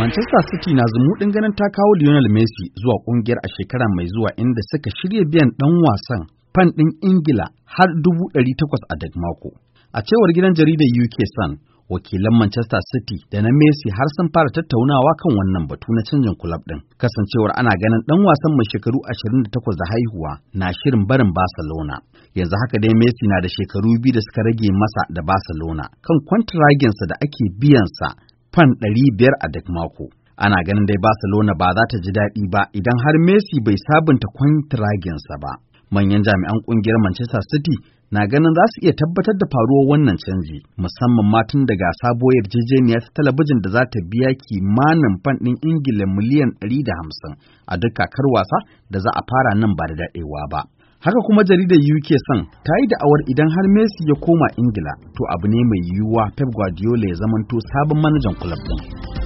Manchester City na zumuɗin ganin ta kawo Lionel Messi zuwa ƙungiyar a shekara mai zuwa inda suka shirya biyan ɗan wasan fan ɗin Ingila har dubu ɗari takwas a duk mako. A cewar gidan jaridar UK Sun, wakilan Manchester City da na Messi har sun fara tattaunawa kan wannan batu na canjin kulab ɗin. Kasancewar ana ganin ɗan wasan mai shekaru 28 da haihuwa na shirin barin Barcelona. Yanzu haka dai Messi na da shekaru biyu da suka rage masa da Barcelona kan kwantiraginsa da ake biyansa fan ɗari biyar a duk mako. Ana ganin dai Barcelona ba za ta ji daɗi ba idan har Messi bai sabunta kwantiraginsa ba. Manyan jami'an ƙungiyar Manchester City na ganin za su iya tabbatar da faruwar wannan canji musamman ma tun daga sabuwar yarjejeniya ta talabijin da za ta biya kimanin fan ɗin ingila miliyan ɗari da hamsin, a duk kakar wasa da za a fara nan ba da daɗewa ba. Haka kuma jaridar UK Sun ta yi da'awar idan har Messi ya koma Ingila to abu ne mai yiwuwa Pep Guardiola ya zamanto sabon manajan kulab din.